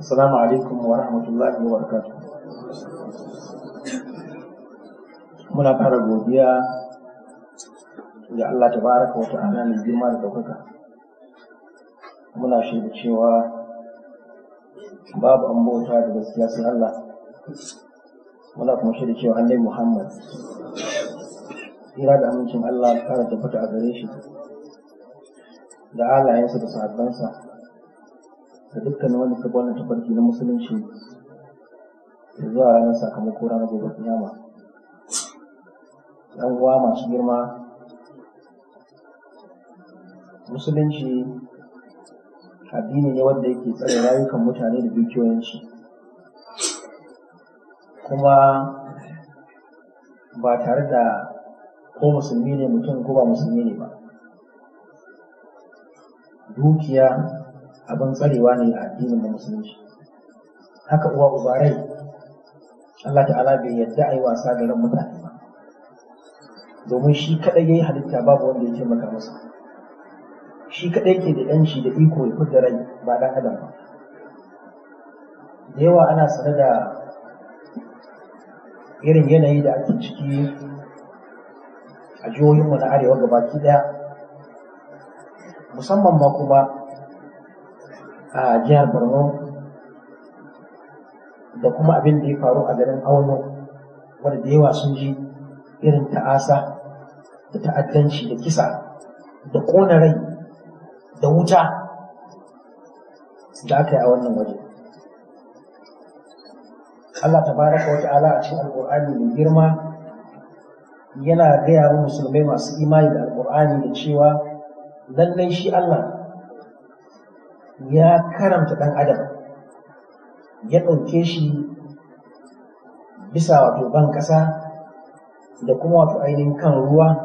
Assalamu alaikum wa rahmatullahi wa barakatuh. Muna fara godiya ga Allah baraka wa ta'ala mai girma da ɗaukaka. Muna shaida cewa babu an bauta da gaskiya sai Allah. Muna kuma shaida cewa Annabi Muhammad kira da amincin Allah kara tabbata a gare shi da halayensa da sahabbansa da dukkan wani suka wannan tafarki na musulunci zuwa ranar sakamako ranar gobe kiyama yan uwa masu girma musulunci addini ne wanda yake tsare rayukan mutane da dukiyoyinsu kuma ba tare da ko musulmi ne mutum ko ba musulmi ne ba dukiya abin tsarewa ne a addinin da musulunci haka uwa ubarai Allah ta'ala bai yadda a yi wasa da ran mutane ba domin shi kaɗai ya yi halitta babu wanda ya taimaka masa shi kaɗai ke da ɗanci da iko ya fidda rai ba ɗan adam ba da yawa ana sanar da irin yanayi da ake ciki a jihohinmu na arewa gabaki ɗaya musamman ma kuma a jihar borno da kuma abin da ya faru a garin auno wanda da yawa sun ji irin ta'asa da ta'addanci da kisa da ƙona rai da wuta da aka yi a wannan waje Allah ta baraka wata ala a cikin alƙur'ani mai girma yana gaya wa musulmai masu imani da alƙur'ani da cewa lallai shi Allah ya karanta ɗan adam ya ɗauke shi bisa wato ban ƙasa da kuma wato ainihin kan ruwa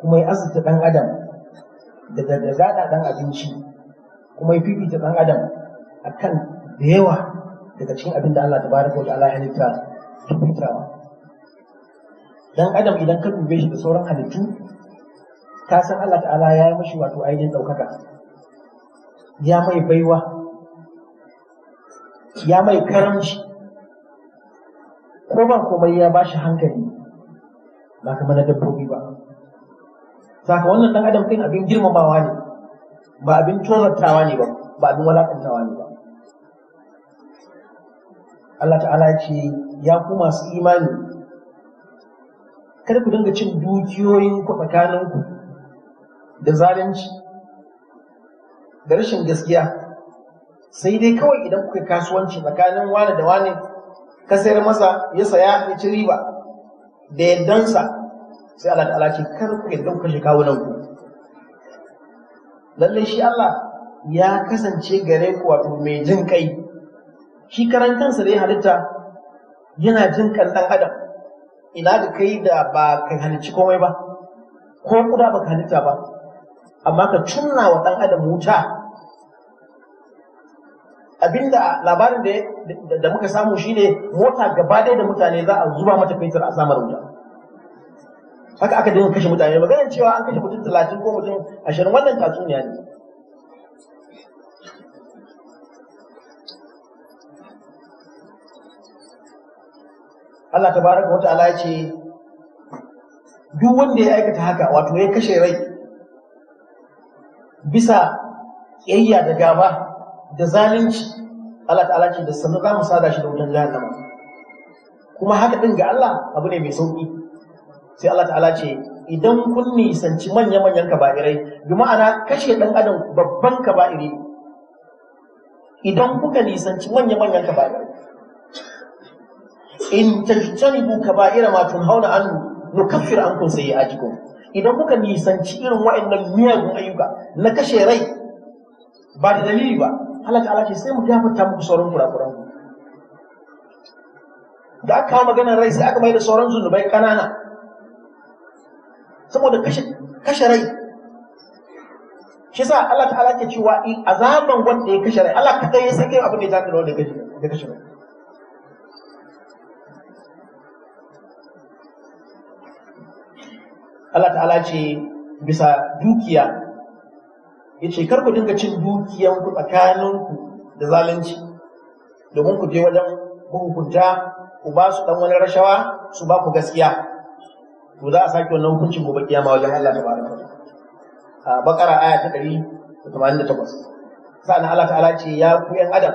kuma ya azurta ɗan adam da zaɗa ɗan abinci kuma ya fifita ɗan adam a kan da yawa daga cikin abin da Allah ba da ta'ala ya halitta fifitawa dan adam idan ka dube shi da sauran halittu ka san Allah ta'ala ya yi mashi wato ainihin ɗaukaka ya mai baiwa ya mai karamci ko ba komai ya ba shi hankali ba kamar na dabbobi ba saka wannan ɗan adam kai abin girmamawa ne ba abin tozartawa ne ba ba abin walakantawa ne ba Allah ta'ala ya ce ya ku masu imani kada ku dinga cin dukiyoyin ku tsakaninku da zalunci da rashin gaskiya sai dai kawai idan kuka kasuwanci tsakanin wane da wane ka sayar masa ya saya ya ci riba da yaddansa sai Allah ta'ala ce kar ku yaddan ku shi kawo ku lallai shi Allah ya kasance gare ku wato mai jin kai shi karan da ya halitta yana jin kan dan adam ina da kai da ba ka halicci komai ba ko kuda ba halitta ba amma ka cunna wa ɗan adam wuta abinda labarin da muka samu shine mota gaba ɗaya da mutane za a zuba mata fetur a samar wuta haka aka dinga kashe mutane magana cewa an kashe mutum talatin ko mutum ashirin wannan tatsuniya ne Allah tabaraka wa ta'ala ce duk wanda ya aikata haka wato ya kashe rai bisa ƙiyayya da gaba da zalunci Allah ta'ala ce da sannu za mu sada shi da wutan jahannama kuma haka din ga Allah abu ne mai sauki sai Allah ta'ala ce idan kun nisanci manya-manyan kaba'irai bi ma'ana kashe dan adam babban kaba'iri idan kuka nisanci manya-manyan kaba'irai in tajtanibu kaba'ira ma tunhauna anhu nukaffir ankum sayyi'atikum idan kuka nisanci irin wa'annan miyagun ayyuka na kashe rai ba da dalili ba Allah ta'ala sai mu gafarta muku sauran kurakuran da aka kawo maganar rai sai aka mai da sauran zunubai kanana saboda kashe rai shi sa Allah ta'ala ke cewa azaban wanda ya kashe rai Allah ka ya san kai abin da ya taka da wanda ya kashe rai Allah ta'ala ce bisa dukiya yace kar ku dinga cin dukiyan ku tsakaninku da zalunci domin ku je wajen mahukunta ku ba su dan wani rashawa su ba ku gaskiya to za a sake wannan hukuncin gobe kiyama wajen Allah baraka a bakara aya ta 188 sa'an Allah ta'ala ce ya ku yan adam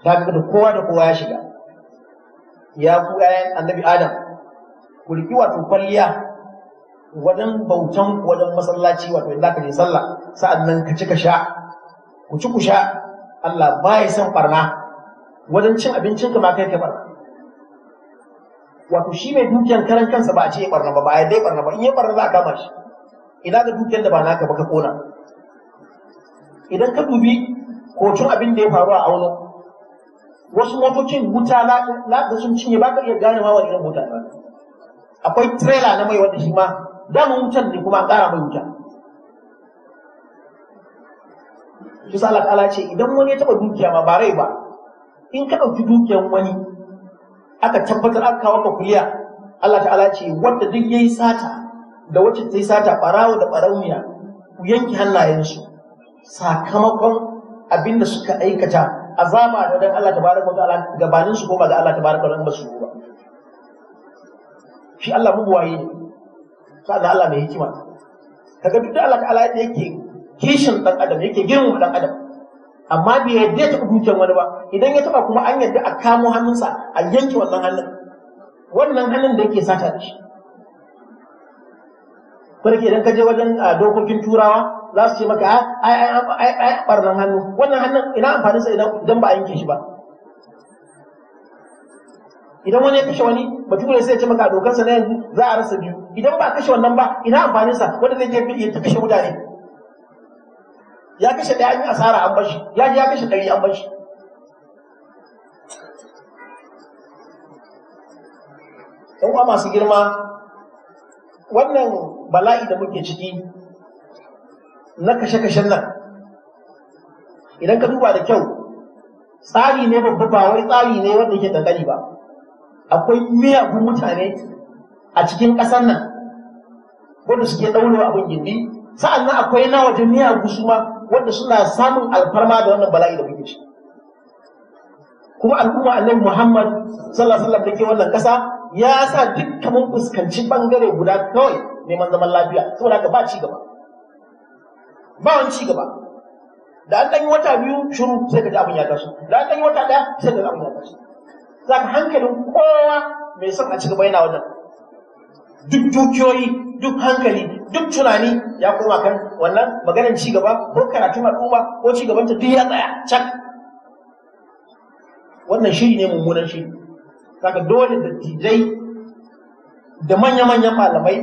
ta da kowa da kowa ya shiga ya ku yayan annabi adam ku riki wato kwalliya wajen bautan wajen masallaci wato idan ka je sallah sa'annan ka ci ka sha ku ci ku sha Allah ba ya san barna wajen cin abincin ka ma kai ka barna wato shi mai dukiyar karan kansa ba a ce ya barna ba ba ya dai barna ba in ya barna za a kama shi ina ga da ba naka ba ka kona idan ka dubi kocin abin da ya faru a auno wasu motocin wuta na da sun cinye ba ka iya gane wa irin mota akwai trailer na mai wanda shi ma dama wutan ne kuma an ƙara mai wuta shi sa Allah ce idan wani ya taɓa dukiya ma ba rai ba in ka ɗauki dukiyan wani aka tabbatar aka kawo ka kuliya Allah ta'ala ce wanda duk yayi sata da wacce ta yi sata ɓarawo da ɓarauniya ku yanke hannayensu sakamakon abin da suka aikata azaba da dan Allah tabaraka wa ta'ala gabanin su ko ba da Allah tabaraka wa ta'ala ba su ba shi Allah mubuwaye ne sa'an Allah mai hikima ga duk da Allah ta'ala yake kishin dan adam yake girmama dan adam amma bai yadda ya taɓa dukiyar wani ba idan ya taɓa kuma an yadda a kamo hannunsa a yanke wannan hannun wannan hannun da yake sata da shi idan ka je wajen dokokin turawa za su ce maka ai ai ai barnan hannu wannan hannun ina sa idan ba a yanke shi ba idan wani ya kashe wani bature sai ya ce maka dokansa na yanzu za a rasa biyu idan ba kashe wannan ba ina amfaninsa sa wanda zai je ya kashe mutane ya kashe ɗaya an yi asara an bashi ya ji ya kashe ɗari an bashi ɗan uwa masu girma wannan bala'i da muke ciki na kashe-kashen nan idan ka duba da kyau tsari ne babba ba wai tsari ne wanda yake dangane ba akwai miyagun mutane a cikin ƙasar nan wanda suke ɗaurewa abin gindi sa'an nan akwai na waje miyagu su ma wanda suna samun alfarma da wannan bala'i da muke ci kuma al'umma annabi muhammad sallallahu alaihi da ke wannan ƙasa ya sa dukkan mun fuskanci bangare guda kawai neman zaman lafiya saboda haka ba ci gaba ba wani ci gaba da an ɗan yi wata biyu shiru sai ka ji abin ya taso da an ɗan yi wata ɗaya sai ka ji abin ya taso za ka hankalin kowa mai son a cikin gaba yana wajen duk dukiyoyi duk hankali duk tunani ya koma kan wannan maganar ci gaba ko karatun al'umma ko ci gabanta duk ya tsaya can wannan shiri ne mummunan shi saka dole da tijai da manya-manyan malamai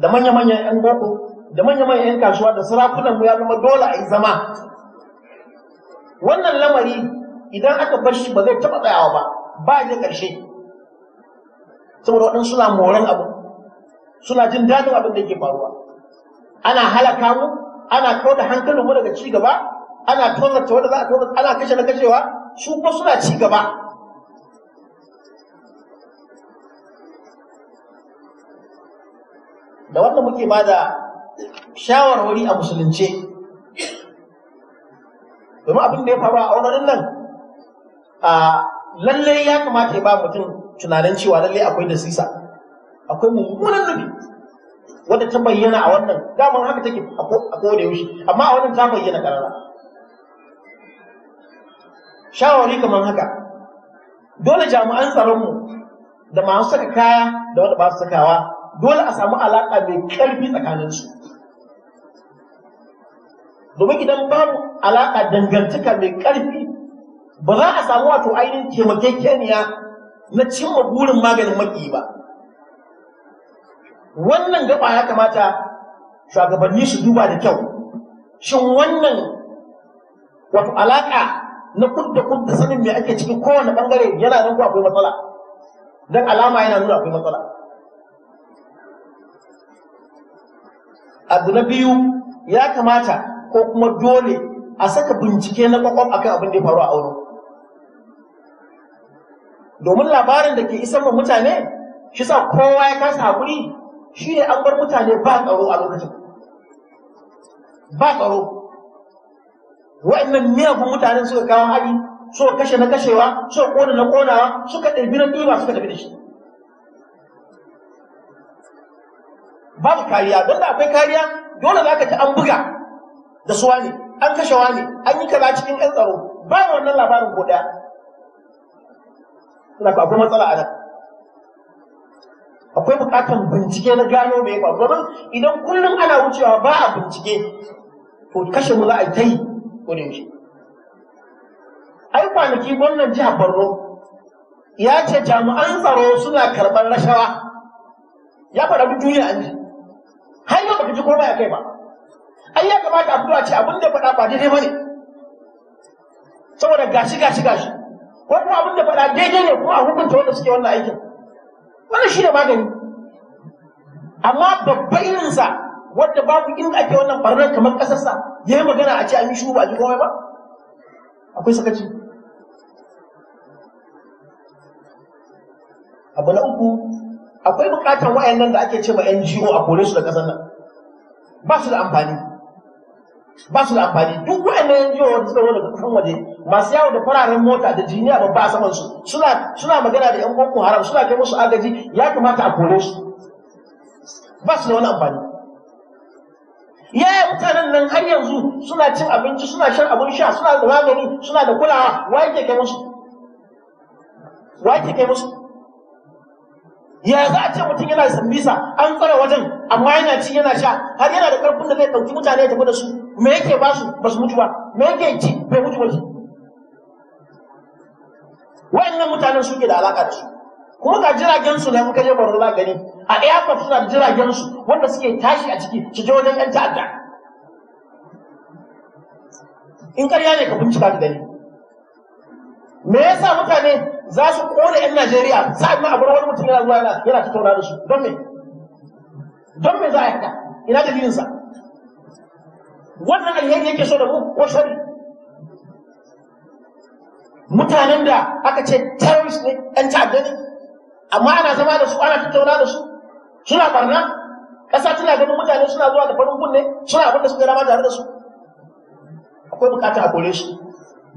da manya-manyan 'yan boko da manya-manyan 'yan kasuwa da sarakunan mu ya zama dole a yi zama wannan lamari idan aka bar shi ba zai taɓa tsayawa ba ba da ƙarshe saboda waɗansu suna moran abu suna jin daɗin abin da yake faruwa ana halaka mu ana kau da hankalin mu daga cigaba ana tonarta wanda za a tonarta ana kashe na kashewa su kuma suna cigaba da wannan muke ba da shawarwari a musulunce domin abin da ya faru a auren nan a lalle ya kamata ya ba mutum tunanin cewa lalle akwai da sisa akwai mummunan nufi wadda ta bayyana a wannan daman haka take a kowane yaushe amma a wannan ta bayyana karara shawari kamar haka dole jami'an tsaronmu da masu saka kaya da wanda ba su sakawa dole a samu alaƙa mai ƙarfi tsakaninsu domin idan babu alaƙa dangantaka mai ƙarfi ba za a samu wato ainihin taimakekeniya na cimma burin maganin maki ba wannan gaba ya kamata shugabanni su duba da kyau shin wannan wato alaka na kudda kudda sanin me ake cikin kowane bangare yana nan ko akwai matsala dan alama yana nuna akwai matsala abu na biyu ya kamata ko kuma dole a saka bincike na kwakwam akan abin da ya faru a auren domin labarin da ke isan ma mutane shi sa kowa ya kasa haƙuri shi ne an bar mutane ba tsaro a lokacin ba tsaro wa'annan miyagun mutanen suka kawo hari suka kashe na kashewa suka ƙona na ƙonawa suka ɗabi na ɗiba suka tafi da shi babu kariya don da akwai kariya dole za ka ci an buga da suwa ne an kashe ne an yi kaza cikin 'yan tsaro ba wannan labarin ko ɗaya suna ka akwai matsala a nan akwai buƙatar bincike na gano me ya faru domin idan kullum ana wucewa ba a bincike to kashe mu za a ta yi ko da yaushe ai kwanaki gwamnan jihar Borno ya ce jami'an tsaro suna karɓar rashawa ya bi duniya an ji har yau baka ji komai kai ba ai ya kamata a fito a ce abin da faɗa ba daidai ba ne saboda gashi gashi gashi Ko kuma abin da faɗa daidai ne ko a hukunta wanda suke wannan aikin wannan shi ne magani amma babba irinsa wadda babu inda ake wannan barnar kamar ƙasarsa ya yi magana a ce an yi shi ba a ji komai ba akwai sakaci abu na uku akwai bukatar wayannan da ake ce ma NGO a kore su da ƙasar nan ba su da amfani ba su da amfani duk wayannan NGO wanda suka zo daga kasan waje masu yawo da fararen mota da jiniya babba a saman su suna suna magana da yan boko haram suna kai musu agaji ya kamata a kore su ba su da wani amfani Ya yi mutanen nan har yanzu suna cin abinci suna shan abin sha suna da magani suna da kulawa wa yake kai musu wa yake kai musu ya za a ce mutum yana sambisa an tsara wajen amma yana ci yana sha har yana da karfin da zai ɗauki mutane ya tafi da su me yake ba su ba su mutu ba me yake ci bai mutu ba shi wayannan mutanen suke da alaka da su kuma ga jiragen su da muka je Borno za gani a airport suna da jiragen su wanda suke tashi a ciki su je wajen ɗan ta'adda in ƙarya ne ka bincika da gani me yasa mutane za su kore yan Najeriya sa'an nan a bar wani mutum yana zuwa yana yana tattauna da su don me don me za a haka ina dalilin sa wannan alheri yake so da mu ko shari mutanen da aka ce terrorist ne ɗan ta'adda ne amma ana zama da su ana tattauna da su suna barna ƙasa tana ganin mutane suna zuwa da farin kunne suna abin da suka rama tare da su akwai bukata a kore su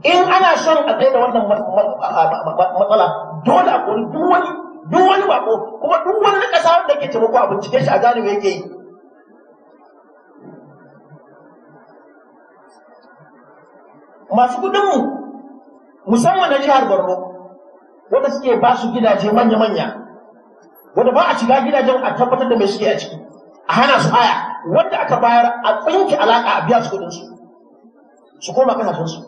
in ana son a tsaye da wannan matsala dole a kori duk wani duk wani bako kuma duk wani na ƙasa wanda ke taimako a bincike shi a gane me yake yi masu kuɗinmu musamman na jihar Borno wanda suke ba su gidaje manya-manya wanda ba a shiga gidajen a tabbatar da mai suke a ciki a hana su haya wanda aka bayar a tsinki alaƙa a biya su kudin su su koma kasashen su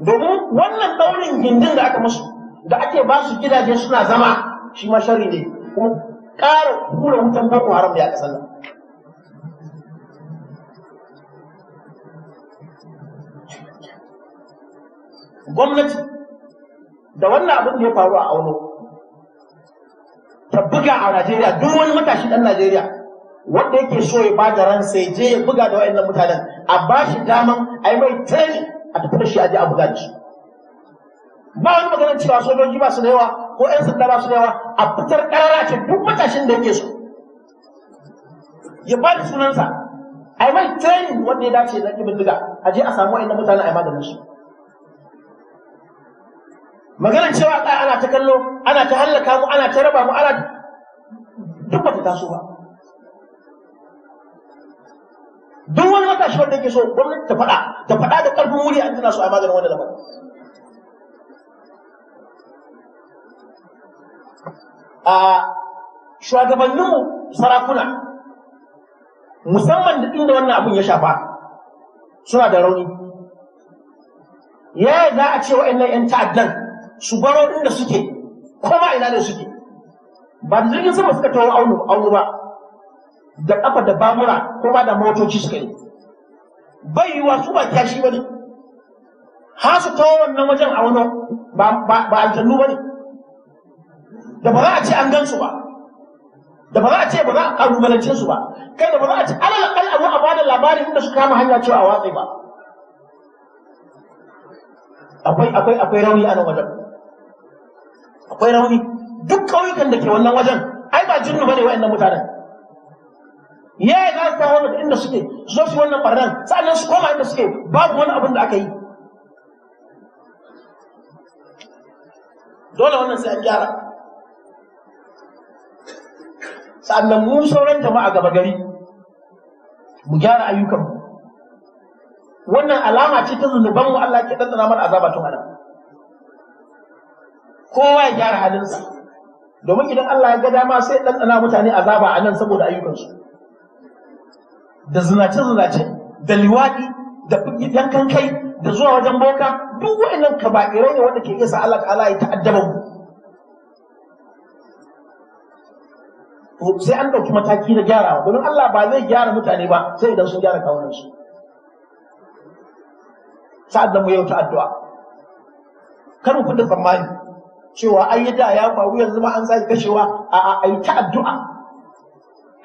domin wannan daurin gindin da aka musu da ake ba su gidaje suna zama shi ma shari ne kuma ƙara kura wutan boko haram da ya ƙasar nan gwamnati da wannan abin da ya faru a auno ta buga a Najeriya duk wani matashi dan Najeriya wanda yake so ya bada ran sai je ya buga da wa'annan mutanen a ba shi daman a yi mai tani a tafi da shi a je a buga da shi ba wani maganar cewa sojoji ba su da yawa ko 'yan sanda ba su da yawa a fitar karara ce duk matashin da yake so ya ba da sunansa a yi mai tani wanda ya dace na ƙibin diga a je a samu wa'annan mutanen a yi maganin su maganar cewa ɗaya ana ta kallo ana ta hallaka mu ana ta raba mu ana duk ba ta taso ba duk wani matashi wanda yake so gwamnati ta faɗa ta faɗa da ƙarfin wuri an tana so a maganin wani lamarin a shugabanninmu sarakuna musamman da inda wannan abun ya shafa suna da rauni ya za a ce wa'annan 'yan ta'addan su baro inda suke kuma ina ne suke ba da jirgin sama suka tawo aunu aunu ba da kafa da bamura ko ba da motoci suka yi bai wa su ba kyashi ba ne ha su tawo wannan wajen a wani ba aljannu ba ne da ba za a ce an gan su ba da ba za a ce ba za a kalubalance su ba kai da ba za a ce alal al'abu a bada labarin inda su kama hanya cewa a watsi ba akwai akwai akwai rauni a nan wajen akwai rauni duk ƙauyukan da ke wannan wajen ai ba jinnu bane wa'annan mutanen ya yi za su kawo da inda suke su zo su wannan ɓarnan sa'annan su koma inda suke babu wani abin da aka yi dole wannan sai an gyara sa'annan mu sauran jama'a gaba gari mu gyara ayyukanmu wannan alama ce ta zunubanmu Allah ke ɗanɗana mana azaba tun adam kowa ya gyara halinsa domin idan Allah ya ga dama sai ɗanɗana mutane azaba a nan saboda ayyukansu da zinace-zinace da liwaɗi da yankan kai da zuwa wajen boka duk wa'annan kaba'irai ne wanda ke iya sa Allah ta'ala ya ta'addaba mu sai an ɗauki mataki na gyarawa domin Allah ba zai gyara mutane ba sai idan sun gyara kawunansu sa'ad da mu yau ta addu'a kar mu fita tsammani cewa ai da ya faru yanzu ma an sake kashewa a a ai ta addu'a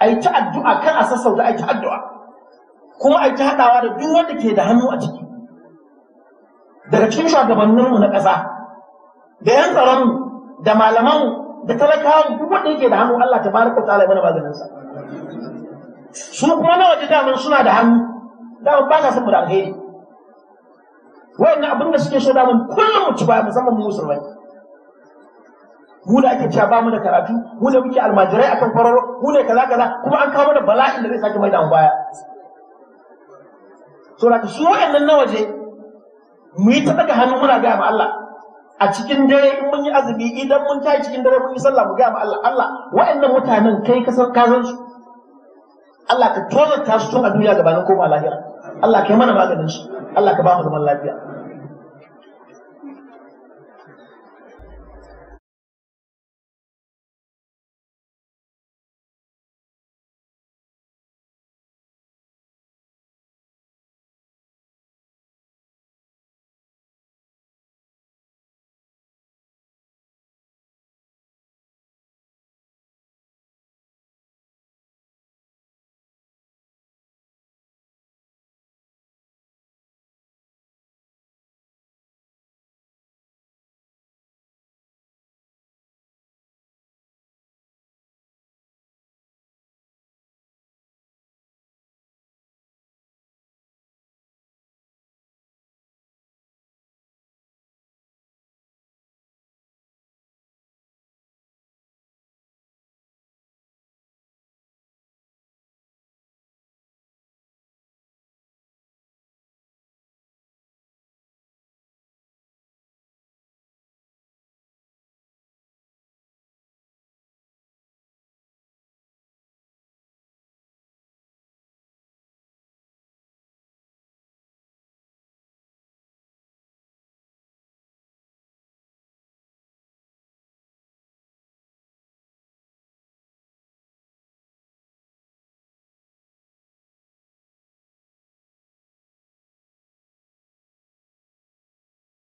ai ta addu'a kan a sassauta ai ta addu'a kuma ai ta hadawa da duk wanda ke da hannu a ciki daga cikin mu na ƙasa da yan tsaron da malaman da talakawa duk wanda yake da hannu Allah ta baraka ya mana maganin sa su kuma na waje daman suna da hannu daman ba sa saboda alheri wayannan abin da suke so daman kullum mu ci baya musamman mu musulmai mu da ake cewa ba mu da karatu mu da muke almajirai akan kwararo mu ne kaza kaza kuma an kawo da bala'in da zai sake mai da mu baya so da su wayannan na waje mu yi ta daga hannu muna ga ma Allah a cikin dare in mun yi azumi idan mun tashi cikin dare mun yi sallah mu ga ma Allah Allah wayannan mutanen kai ka san ka san su Allah ka tozarta su tun a duniya gabanin koma lahira Allah ka yi mana maganin shi Allah ka ba mu zaman lafiya